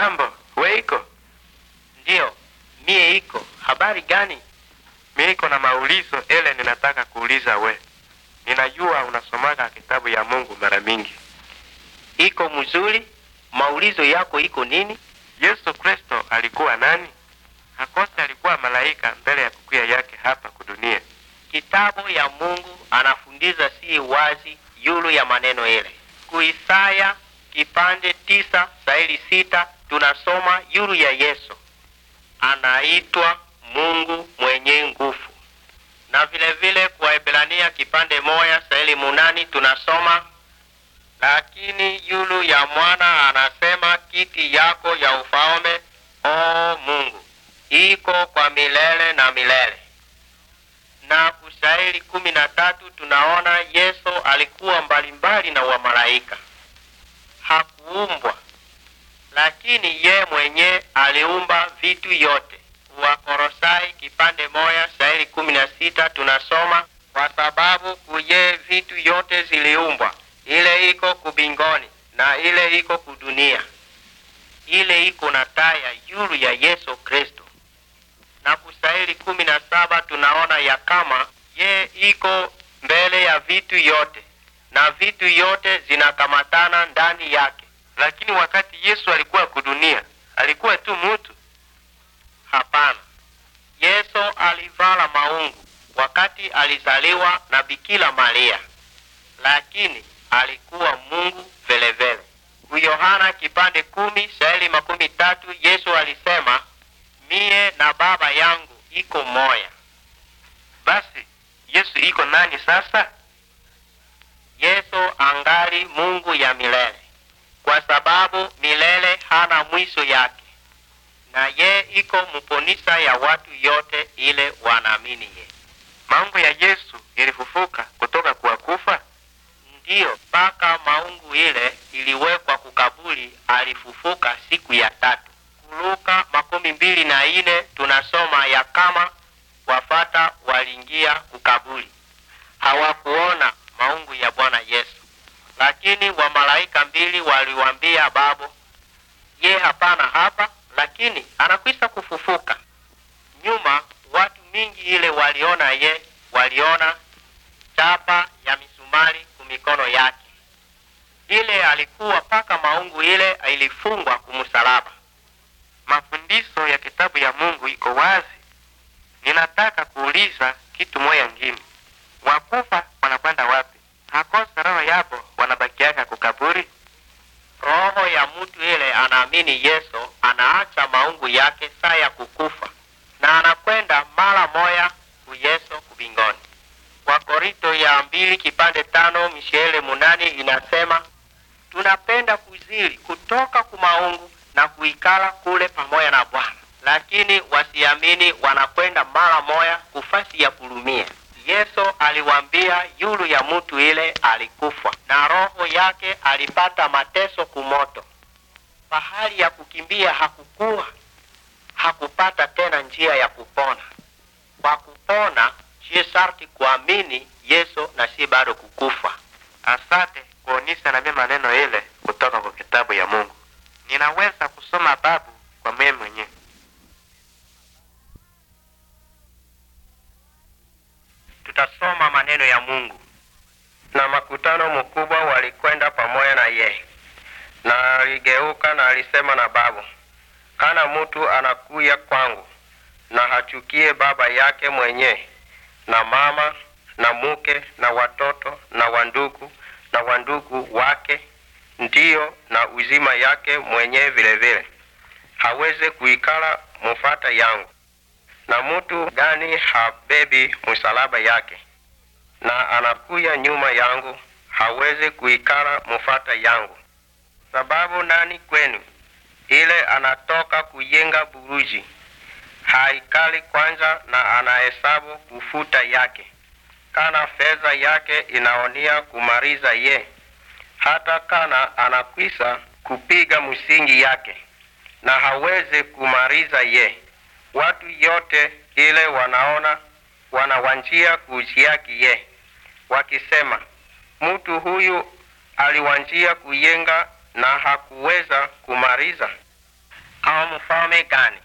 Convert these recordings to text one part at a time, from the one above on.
Jambo, we iko? Ndiyo, mie iko. Habari gani? Mie iko na maulizo ele, ninataka kuuliza we. Ninajua unasomaga kitabu ya Mungu mara mingi. Iko mzuri. Maulizo yako iko nini? Yesu Kristo alikuwa nani? Hakosi alikuwa malaika mbele ya kukuya yake hapa kudunia. Kitabu ya Mungu anafundiza si wazi yulu ya maneno ile kuisaya kipande tisa sahili sita tunasoma yuru ya Yesu anaitwa Mungu mwenye nguvu, na vile vile kwa Ebrania kipande moya sahili munani tunasoma lakini yulu ya mwana anasema kiti yako ya ufalme o Mungu iko kwa milele na milele. Na ushahili kumi na tatu tunaona Yesu alikuwa mbalimbali na wamalaika hakuumbwa, lakini ye mwenye aliumba vitu yote. Wakorosai kipande moya shairi kumi na sita tunasoma kwa sababu kuye vitu yote ziliumbwa, ile iko kubingoni na ile iko kudunia, ile iko na taa ya yulu ya Yesu Kristo. Na kusairi kumi na saba tunaona ya kama ye iko mbele ya vitu yote na vitu yote zinakamatana ndani yake. Lakini wakati Yesu alikuwa kudunia, alikuwa tu mutu? Hapana, Yesu alivala maungu wakati alizaliwa na Bikira Maria, lakini alikuwa Mungu velevele. Yohana kipande kumi shairi makumi tatu Yesu alisema miye na Baba yangu iko moya. Basi Yesu iko nani sasa? Yesu angali Mungu ya milele, kwa sababu milele hana mwisho yake, na ye iko muponisa ya watu yote ile wanaamini ye. Maungu ya Yesu ilifufuka kutoka kwa kufa, ndiyo mpaka maungu ile iliwekwa kukabuli, alifufuka siku ya tatu. Kuluka makumi mbili na ine tunasoma ya kama wafata waliingia kukabuli, hawakuona maungu ya Bwana Yesu. Lakini wamalaika mbili waliwambia babo, ye hapana hapa, lakini anakwisa kufufuka. Nyuma watu mingi ile waliona ye, waliona chapa ya misumari kumikono yake, ile alikuwa paka maungu ile ilifungwa kumusalaba. Mafundiso ya kitabu ya Mungu iko wazi. Ninataka kuuliza kitu moya ngine wakufa lakini Yesu anaacha maungu yake saa ya kukufa na anakwenda mara moya ku Yesu kubingoni. Wakorinto ya mbili kipande tano mishele munani inasema tunapenda kuzili kutoka kumaungu na kuikala kule pamoja na Bwana, lakini wasiamini wanakwenda mara moya kufasi ya kulumia. Yesu aliwambia yulu ya mutu ile alikufa na roho yake alipata mateso kumoto fahari ya kukimbia hakukuwa, hakupata tena njia ya kupona. Kwa kupona si sharti kuamini Yesu na si bado kukufa. Asante na nami maneno ile kutoka kwa kitabu ya Mungu. Ninaweza kusoma babu kwa mimi mwenyewe. Tutasoma maneno ya Mungu. Na makutano mkubwa walikwenda pamoja na yeye aligeuka na alisema na babu, kana mutu anakuya kwangu na hachukie baba yake mwenye na mama na muke na watoto na wandugu na wandugu wake, ndiyo na uzima yake mwenye vile vile, haweze kuikala mufata yangu. Na mutu gani habebi musalaba yake na anakuya nyuma yangu, haweze kuikala mufata yangu? Sababu nani kwenu? Ile anatoka kuyenga buruji haikali kwanza, na anahesabu kufuta yake, kana fedha yake inaonia kumaliza ye, hata kana anakwisa kupiga msingi yake, na haweze kumaliza ye. Watu yote ile wanaona wanawanjia kujiaki ye, wakisema mtu huyu aliwanjia kuyenga na hakuweza kumaliza. Au mfalme gani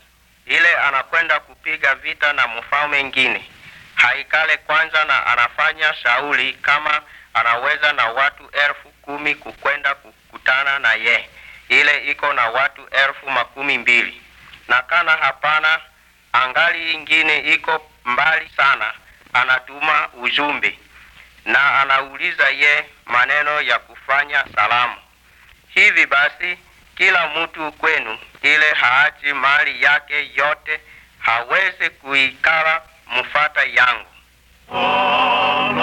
ile anakwenda kupiga vita na mfalme mwingine haikale kwanza na anafanya shauri kama anaweza na watu elfu kumi kukwenda kukutana na ye ile iko na watu elfu makumi mbili na kana hapana angali ingine iko mbali sana, anatuma ujumbe na anauliza ye maneno ya kufanya salamu Hivi basi kila mtu kwenu ile haachi mali yake yote hawezi kuikala mfata yangu All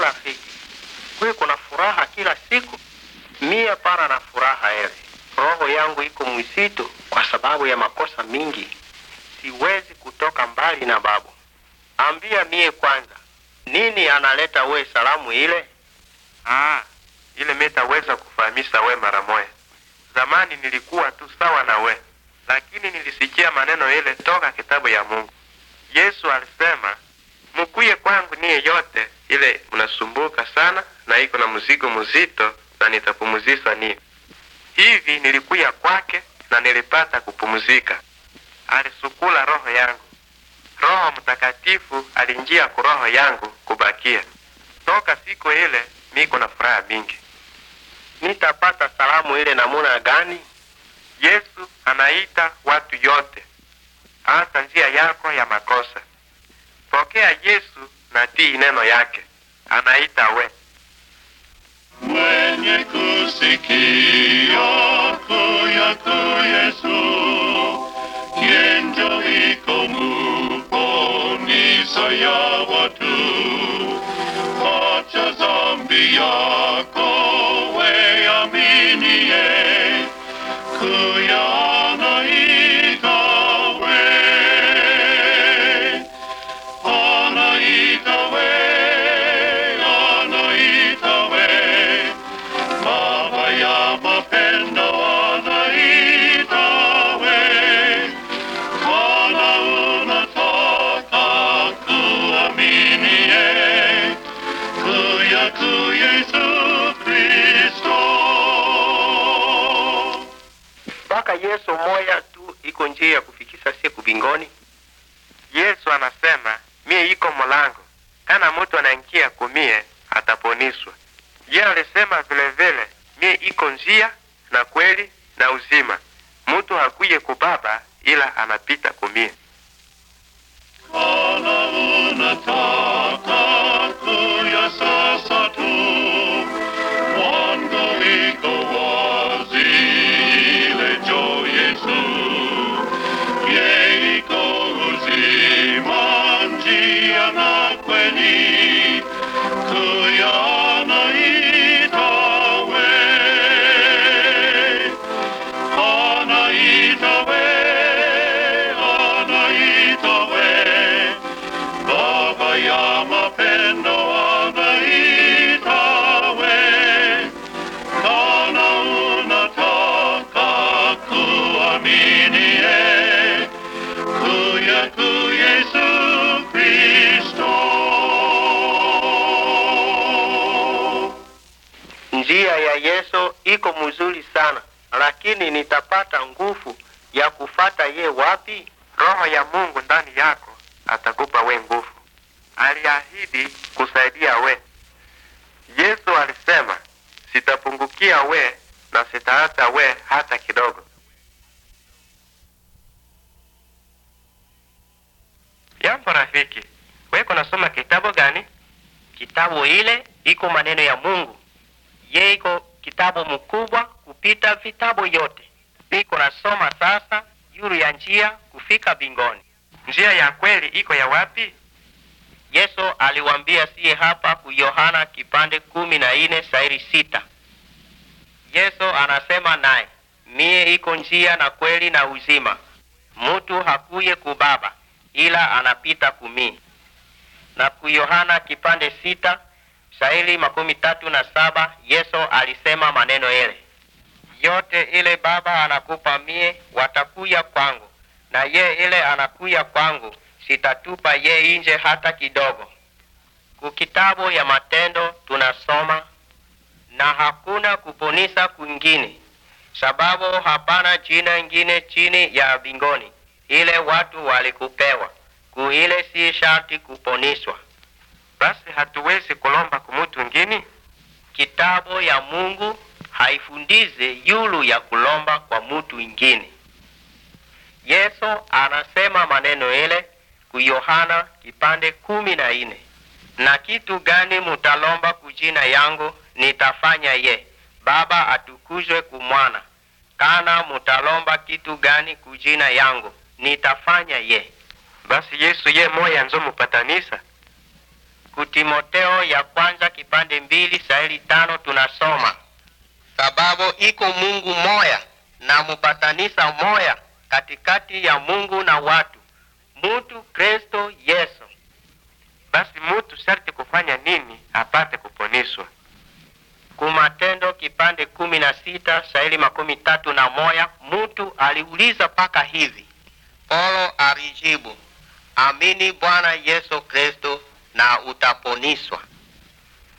rafiki kwe kuna furaha kila siku mia para na furaha ele roho yangu iko mwisitu kwa sababu ya makosa mingi siwezi kutoka mbali na babu ambia mie kwanza nini analeta we salamu ile ah, ile mitaweza kufahamisa we mara moya zamani nilikuwa tu sawa na we lakini nilisikia maneno ile toka kitabu ya mungu yesu alisema mukuye kwangu niye yote ile mnasumbuka sana na iko na mzigo mzito na nitapumuzisa nini? Hivi nilikuya kwake na nilipata kupumzika, alisukula roho yangu. Roho Mtakatifu alinjia ku roho yangu kubakia. Toka siku ile miko na furaha mingi. Nitapata salamu ile namuna gani? Yesu anaita watu yote, hata njia yako ya makosa. Pokea Yesu natii neno yake, anaita we mwenye kusikia kuyako Yesu, kienjo iko muponisa ya watu, acha zambi yako weaminie Yesu moya tu iko njia ya kufikisa siku bingoni. Yesu anasema mie iko mulango, kana mutu anaingia kumie ataponiswa. Ye alisema vile vile, mie iko njia na kweli na uzima, mutu hakuye kubaba Baba ila anapita kumie. niko mzuri sana, lakini nitapata nguvu ya kufata ye wapi? Roho ya Mungu ndani yako atakupa we nguvu. Aliahidi kusaidia we. Yesu alisema sitapungukia we na sitaacha we hata kidogo. Jambo rafiki, weko nasoma kitabu gani? Kitabu ile iko maneno ya Mungu, ye iko kitabu mkubwa kupita vitabu yote. Biko nasoma sasa juu ya njia kufika bingoni. Njia ya kweli iko ya wapi? Yesu aliwambia siye hapa ku Yohana kipande kumi na ine sairi sita. Yesu anasema naye, miye iko njia na kweli na uzima, mutu hakuye ku Baba ila anapita kumi. Na ku Yohana kipande sita shairi makumi tatu na saba Yesu alisema maneno yale, yote ile Baba anakupa mie, watakuya kwangu, na ye ile anakuya kwangu sitatupa ye nje hata kidogo. Kukitabu ya Matendo tunasoma na hakuna kuponisa kwingine, sababu hapana jina ingine chini ya bingoni ile watu walikupewa, kuile si sharti kuponiswa basi hatuwezi kulomba kumutu ngini. Kitabu ya Mungu haifundize yulu ya kulomba kwa mutu ingine. Yesu anasema maneno ile ku Yohana kipande kumi na ine, na kitu gani mutalomba kujina yangu nitafanya ye, Baba atukuzwe kumwana. Kana mutalomba kitu gani kujina yangu nitafanya ye. Basi Yesu ye moya nzo mupatanisa Kutimoteo ya kwanza kipande mbili sahili tano tunasoma sababu iko Mungu moya na mupatanisa moya katikati ya Mungu na watu mutu Kristo Yesu. Basi mutu sharti kufanya nini apate kuponiswa? Kumatendo kipande kumi na sita sahili makumi tatu na moya mutu aliuliza paka hivi, Paulo alijibu, amini Bwana Yesu Kristo na utaponiswa.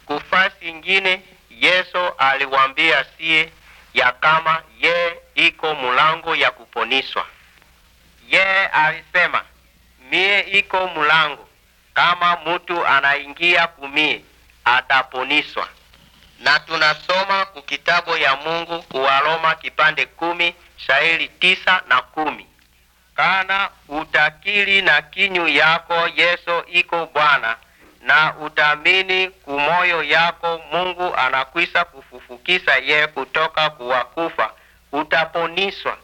Kufasi ingine Yesu aliwambia sie ya kama ye iko mulango ya kuponiswa. Ye alisema mie iko mulango, kama mutu anaingia kumie ataponiswa. Na tunasoma kukitabu ya Mungu kuwaloma kipande kumi shairi tisa na kumi kana utakili na kinyu yako Yesu iko Bwana na utamini kumoyo yako Mungu anakwisa kufufukisa ye kutoka kuwakufa, utaponiswa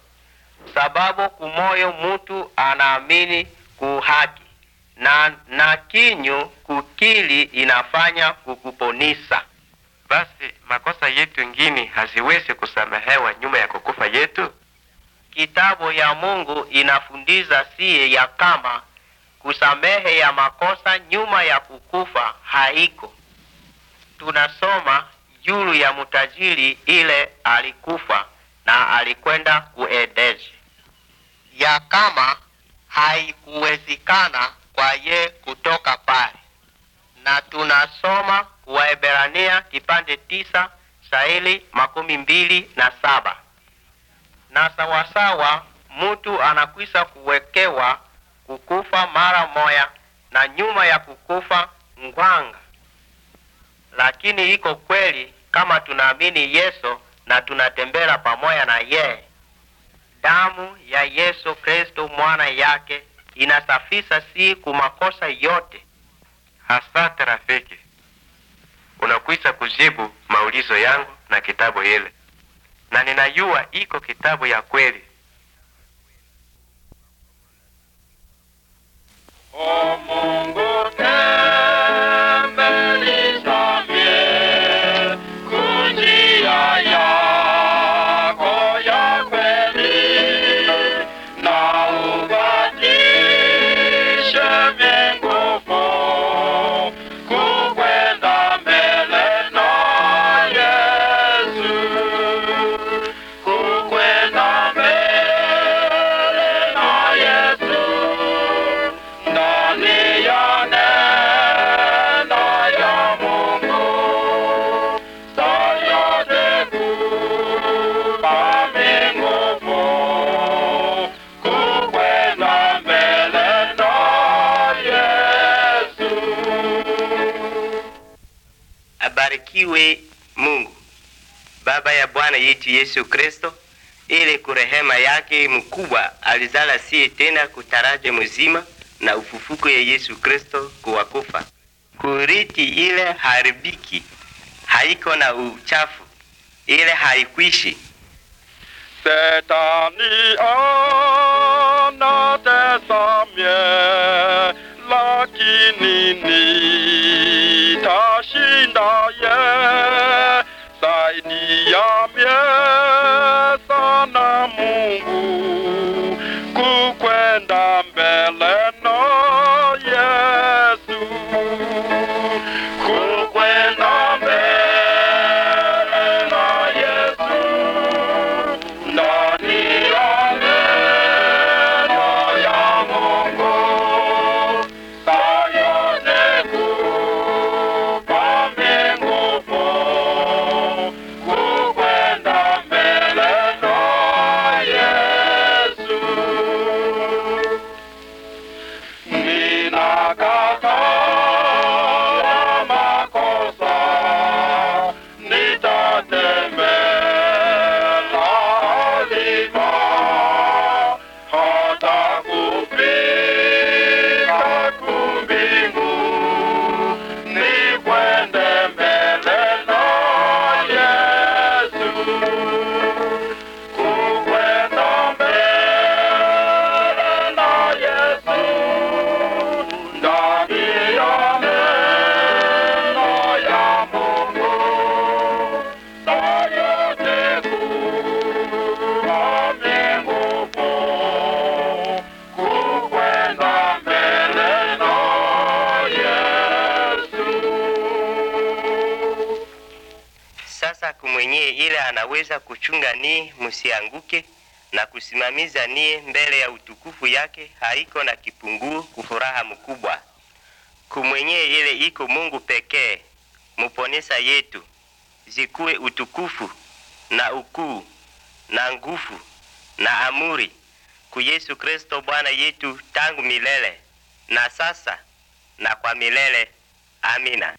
sababu kumoyo mutu anaamini kuhaki na, na kinyu kukili inafanya kukuponisa. Basi makosa yetu ngini haziwezi kusamehewa nyuma ya kukufa yetu. Kitabu ya Mungu inafundiza siye ya kama kusamehe ya makosa nyuma ya kukufa haiko. Tunasoma juu ya mtajiri ile alikufa na alikwenda kuedeji, ya kama haikuwezekana kwa ye kutoka pale, na tunasoma Waebrania kipande tisa saili makumi mbili na saba na sawasawa, mtu anakwisa kuwekewa kukufa mara moya na nyuma ya kukufa ngwanga. Lakini iko kweli kama tunaamini Yesu na tunatembea pamoja na yeye, damu ya Yesu Kristo mwana yake inasafisa si kumakosa yote. Asante rafiki, unakwisa kujibu maulizo yangu na kitabu ile, na ninajua iko kitabu ya kweli. Oh, Mongo. Asifiwe Mungu Baba ya Bwana yetu Yesu Kristo, ili kurehema yake mkubwa alizala siye tena kutaraje mzima na ufufuko ya Yesu Kristo kuwakufa, kuriti ile haribiki haiko na uchafu, ile haikwishi Setani anatazamia, lakini nita na Mungu kukwenda mbele na Yesu niye ile anaweza kuchunga niye musianguke na kusimamiza niye mbele ya utukufu yake, haiko na kipunguo kufuraha mkubwa kumwenye ile iko Mungu pekee muponesa yetu, zikuwe utukufu na ukuu na nguvu na amuri ku Yesu Kristo Bwana yetu tangu milele na sasa na kwa milele. Amina.